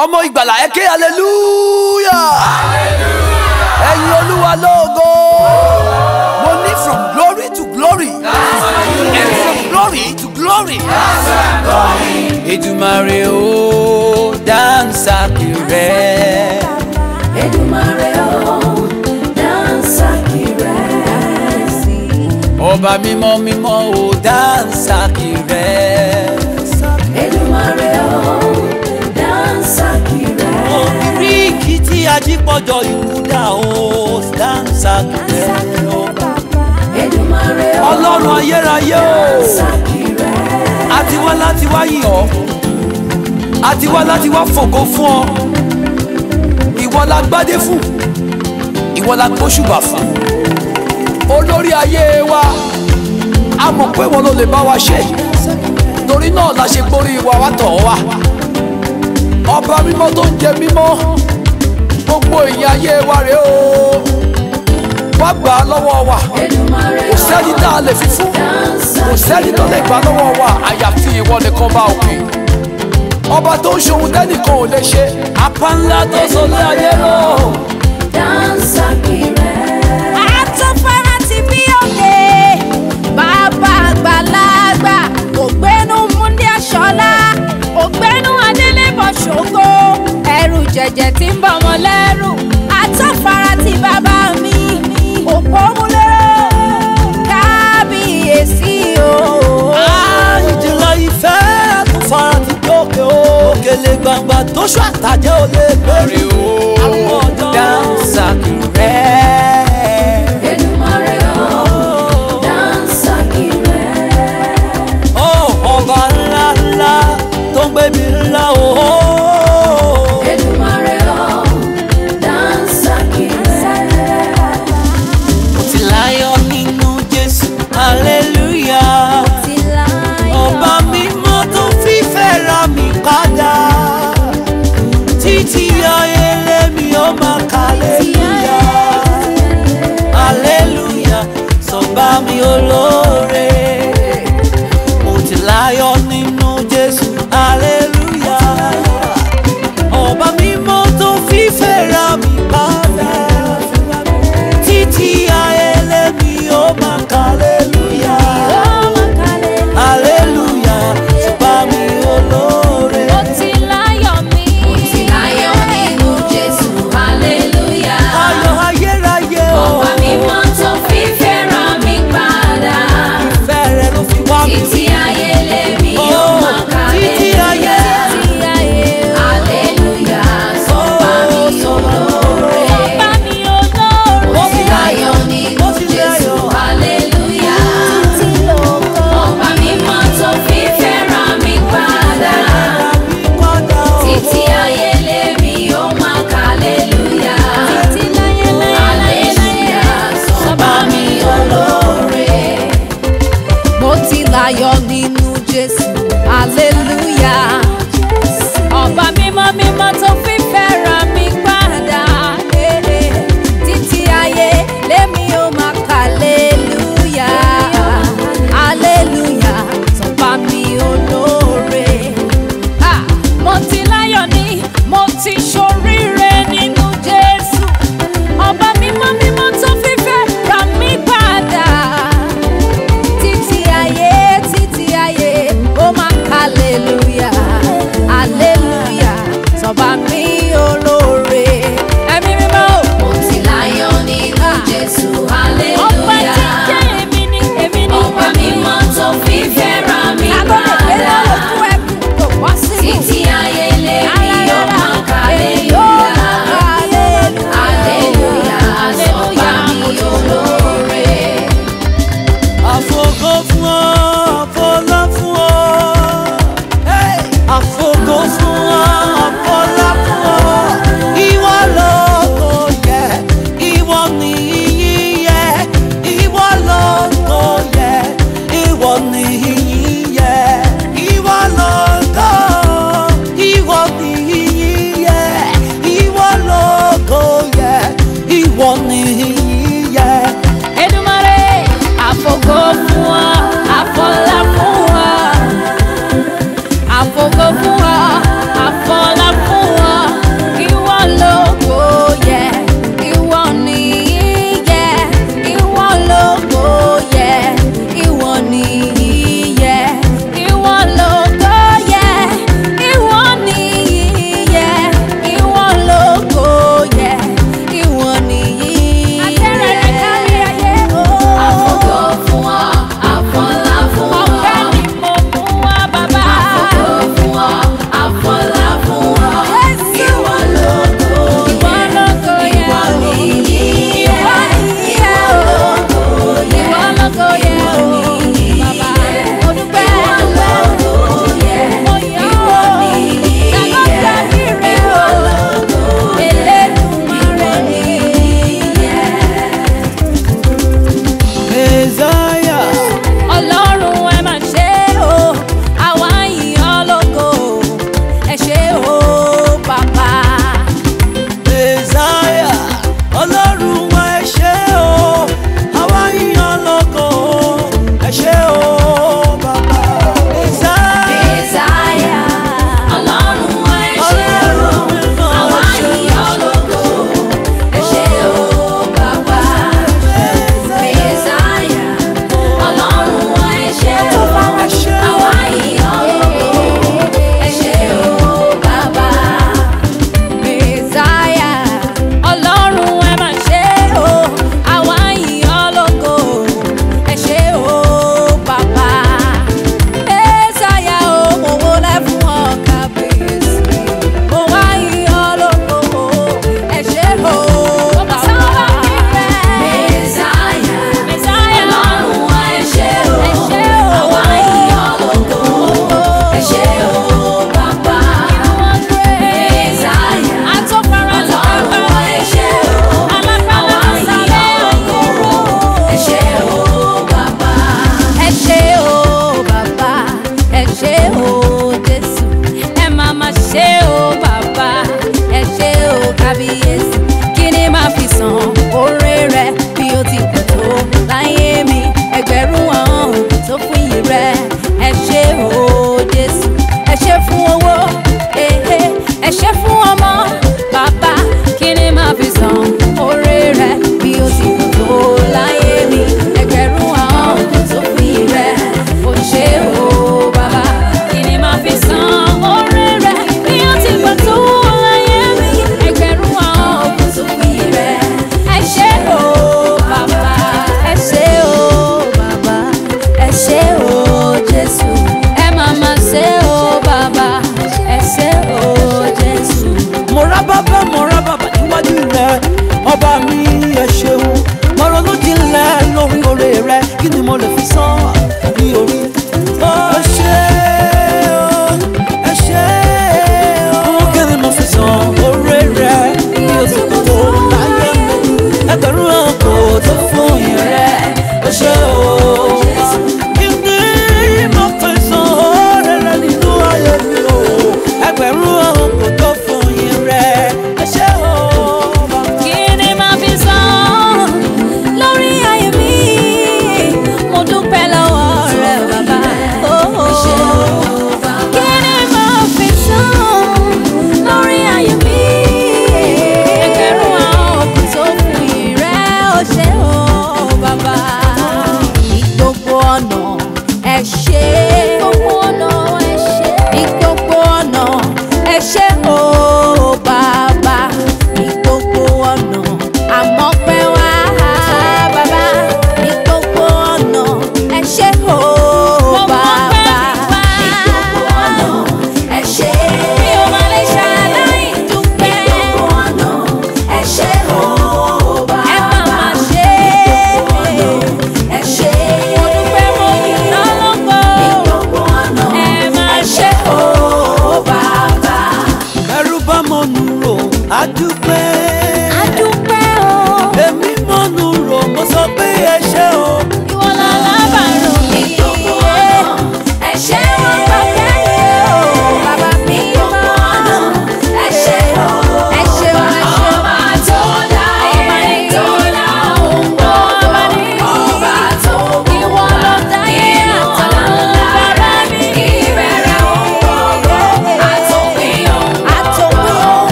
ọmọ ìgbàlà ẹ ké aleluya ẹyin olúwa lógo mo ní from glory to glory and from glory to glory. Èdùmàrè o dansa kire. Èdùmàrè o dansa kire. Ọba mímọ́ mímọ́ o dansa kire. Èdùmàrè o oríkì tí ajípọ̀jọ Yúdà ó dáńsàkìrẹ o ọlọ́run ayérayé o àti wá láti wá yìn ọ́ àti wá láti wá fògo fún ọ ìwọ la gbádé fún ìwọ la gbóṣùbà fún olórí ayé wa a mọ̀ pé wọn ló lè bá wa ṣe torí náà la ṣe gbórí wa wá tọ̀ wá ọba mímọ́ tó ń jẹ mímọ́ gbogbo ìyìn ayé wa rèé o wá gbà á lọ́wọ́ wa kò sẹ́ni tá a lè fi fún kò sẹ́ni tó lè gbà lọ́wọ́ wa àyàfi ìwọ nìkan bá òkè ọba tó ń ṣohun tẹ́nìkan ò lè ṣe apá ńlá tó sọ lé ayé lọ.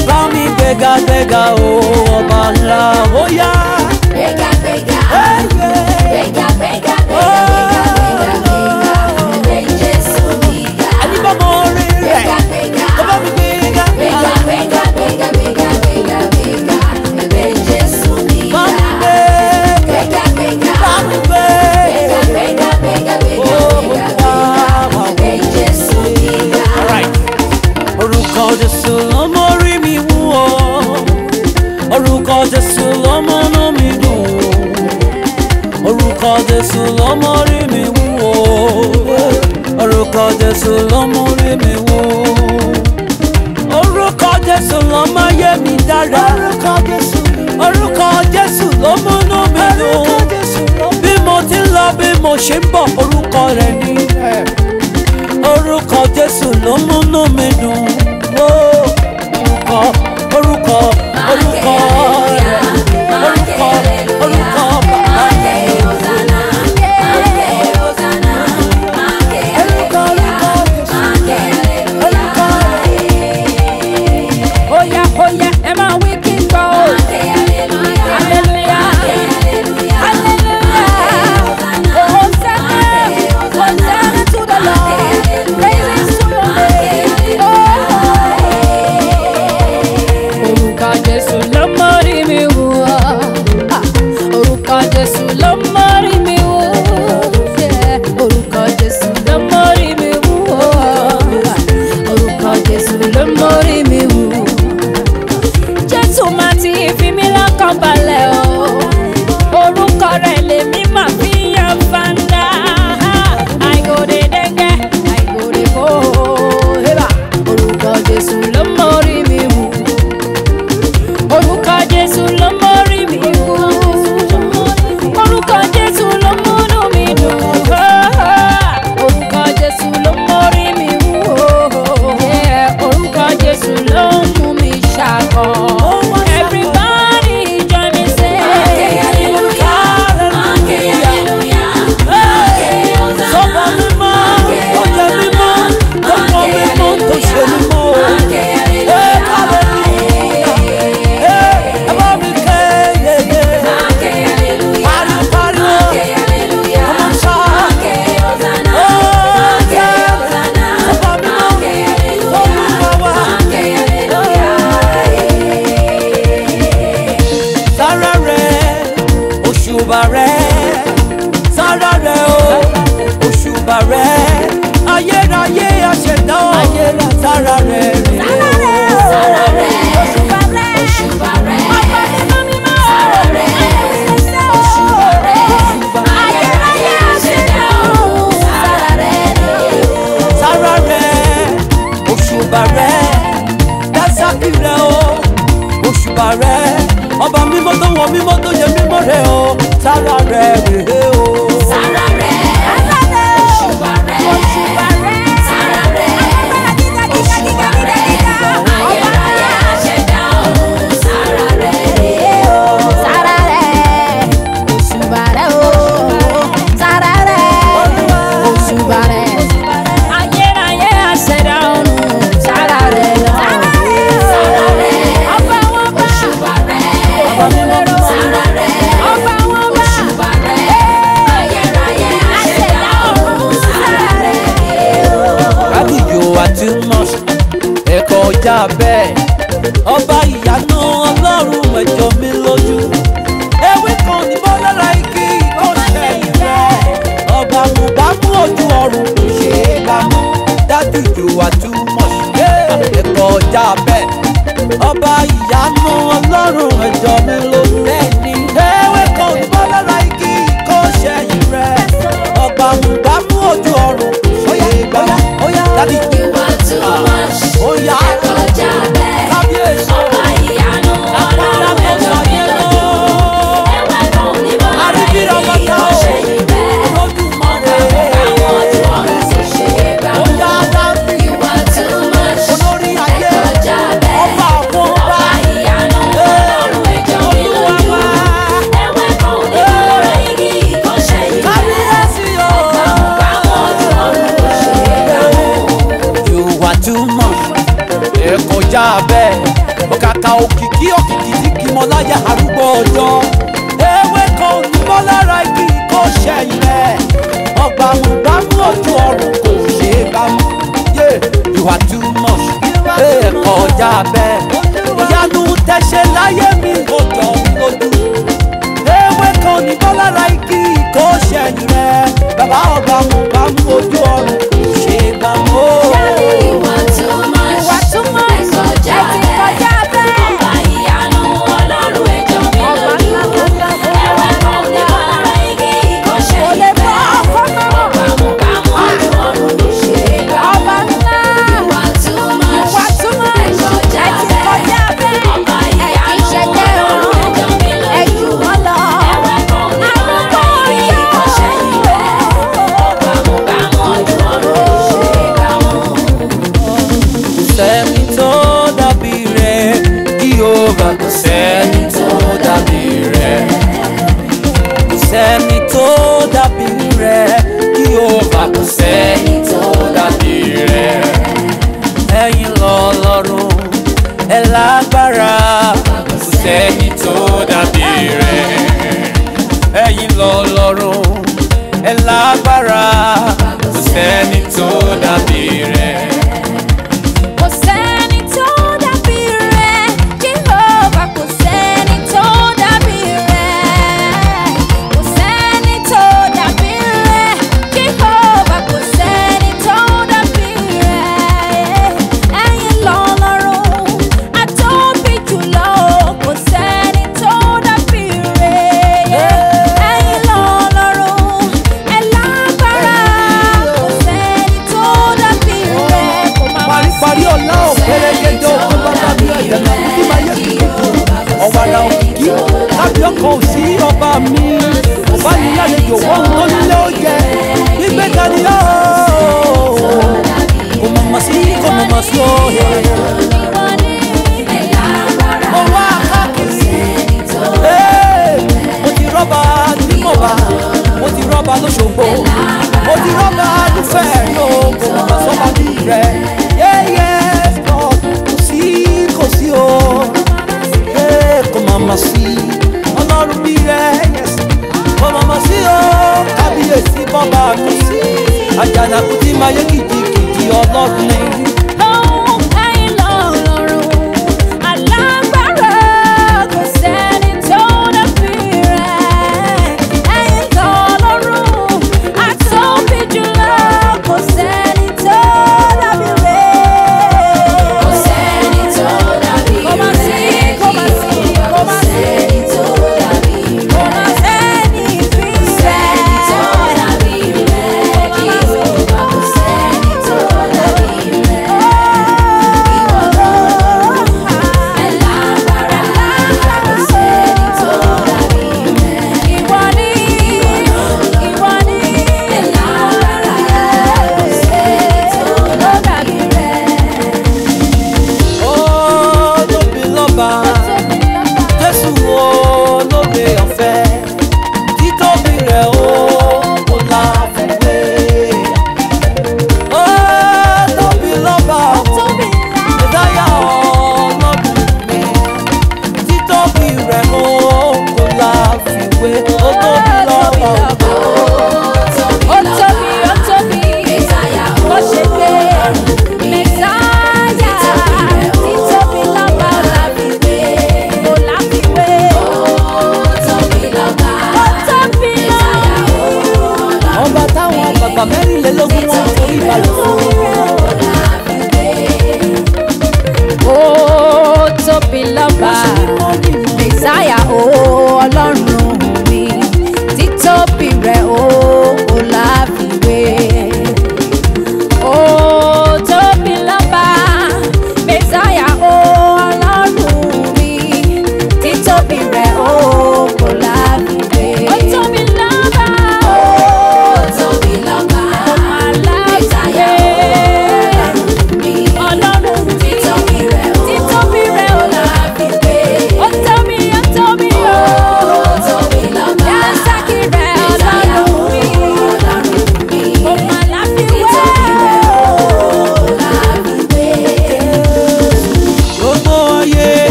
ẹ bá mi gbéga gbéga o ọba ńlá Oh yeah. jésù ló mú rí mi wò orúkọ jésù ló mú ayé mi dára orúkọ jésù ló inú mi dùn bí mo ti ń lọ bí mo ṣe ń bọ̀ orúkọ rẹ̀ ni orúkọ jésù ló inú mi dùn. ọba ìyanu ọlọ́run ẹ̀jọ́ mi lójú. ewé kan ní bọ́lára igi ọ̀ṣẹ́ ìfẹ́. ọba mo bá mú ojú ọ̀run kò ṣe é bá mú. dájú ju àtúmọ̀ ṣe é kọjá bẹ́ẹ̀. ọba ìyanu ọlọ́run ẹ̀jọ́ mi lójú. òkìkí òkìkí tí kìmọ̀láyà arúgbó ọjọ́ ewé kan ò bọ́ lára igi kó ṣẹ̀yìn ọgbà mùgbàmù ojú ọ̀run kò ṣe é bámu yé you are too much ẹ̀ẹ́kọ̀ ọjà bẹ́ẹ̀ ìyanu tẹ̀sẹ̀ láyé mi ò jọ lójú ewé kan ò ní bọ́ lára igi kó ṣẹ̀yìn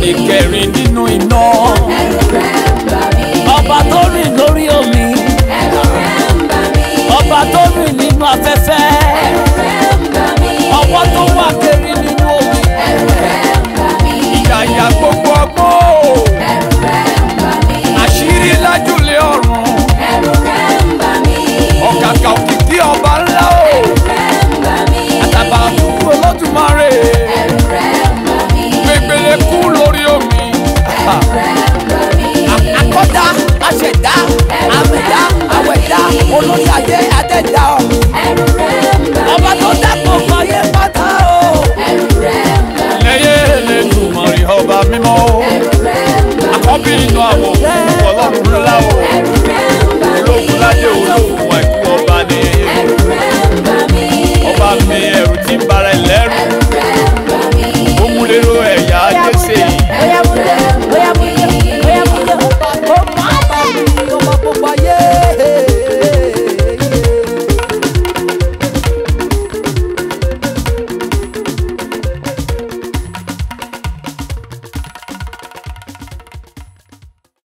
ẹni kẹrin nínú iná. olórí ajé àtẹ̀dá o. ẹrù rẹ̀ ń bà mí. ọba tó dákò fàyè pátá o. ẹrù rẹ̀ ń bà mí. ẹyẹ Ẹlẹ́dùmarè rí ọba mímọ́ o. ẹrù rẹ̀ ń bà mí. àkọ́bí inú àwọn òkú ọlọ́run ńlá o. ẹrù rẹ̀ ń bà mí. ológun láyé ológun.